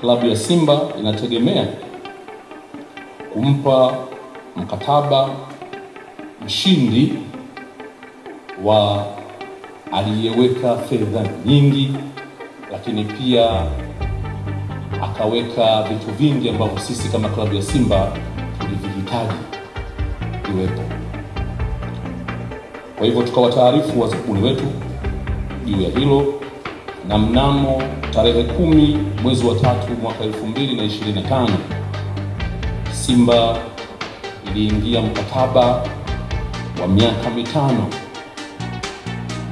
klabu ya Simba inategemea kumpa mkataba mshindi wa aliyeweka fedha nyingi, lakini pia akaweka vitu vingi ambavyo sisi kama klabu ya Simba tulivihitaji viwepo. Kwa hivyo tukawataarifu wazabuni wetu juu ya hilo na mnamo tarehe kumi mwezi wa tatu mwaka tano Simba iliingia mkataba wa miaka mitano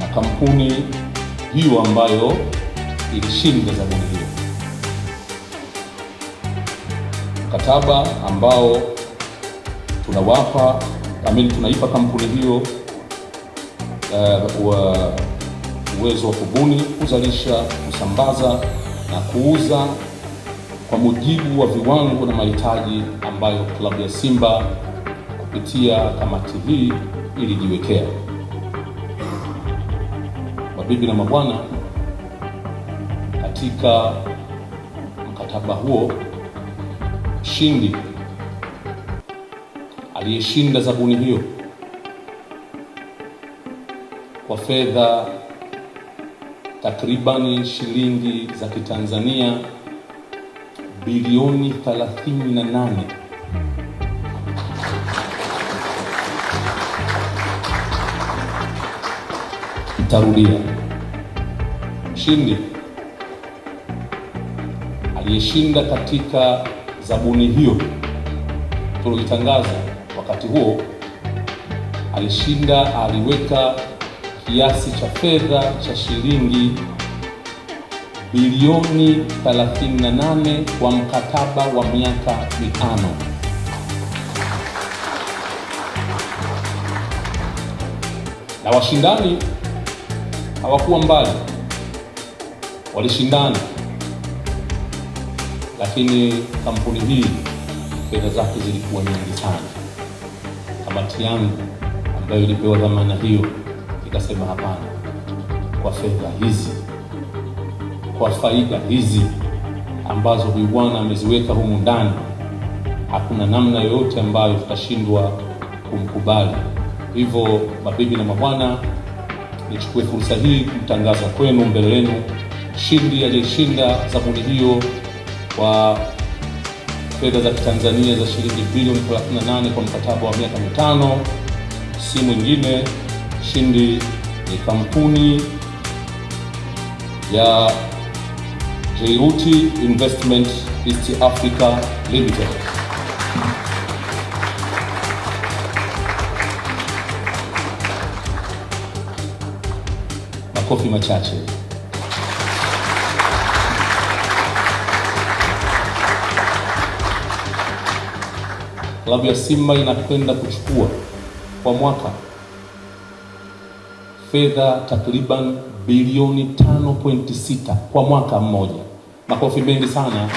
na kampuni hiyo ambayo ilishinda zabuni hiyo, mkataba ambao tunawapa amini tunaipa kampuni hiyo uh, wa uwezo wa kubuni, kuzalisha, kusambaza na kuuza kwa mujibu wa viwango na mahitaji ambayo klabu ya Simba kupitia kamati hii ilijiwekea. Mabibi na mabwana, katika mkataba huo mshindi aliyeshinda zabuni hiyo kwa fedha takribani shilingi za Kitanzania bilioni 38 tarudia mshindi aliyeshinda katika zabuni hiyo tulioitangaza wakati huo alishinda, aliweka kiasi cha fedha cha shilingi bilioni 38 kwa mkataba wa miaka mitano. Na washindani hawakuwa mbali, walishindana, lakini kampuni hii fedha zake zilikuwa nyingi sana. Kamati yangu ambayo ilipewa dhamana hiyo Nikasema hapana, kwa fedha hizi, kwa faida hizi ambazo huyu bwana ameziweka humu ndani, hakuna namna yoyote ambayo tutashindwa kumkubali. Hivyo mabibi na mabwana, nichukue fursa hii kumtangaza kwenu mbele yenu mshindi aliyeshinda zabuni hiyo kwa fedha za Kitanzania za shilingi bilioni 38 kwa mkataba wa miaka mitano, si mwingine Shindi ni kampuni ya Jairuti Investment East Africa Limited. Makofi machache. Klabu ya Simba inakwenda kuchukua kwa mwaka fedha takriban bilioni 5.6 kwa mwaka mmoja. Makofi mengi sana.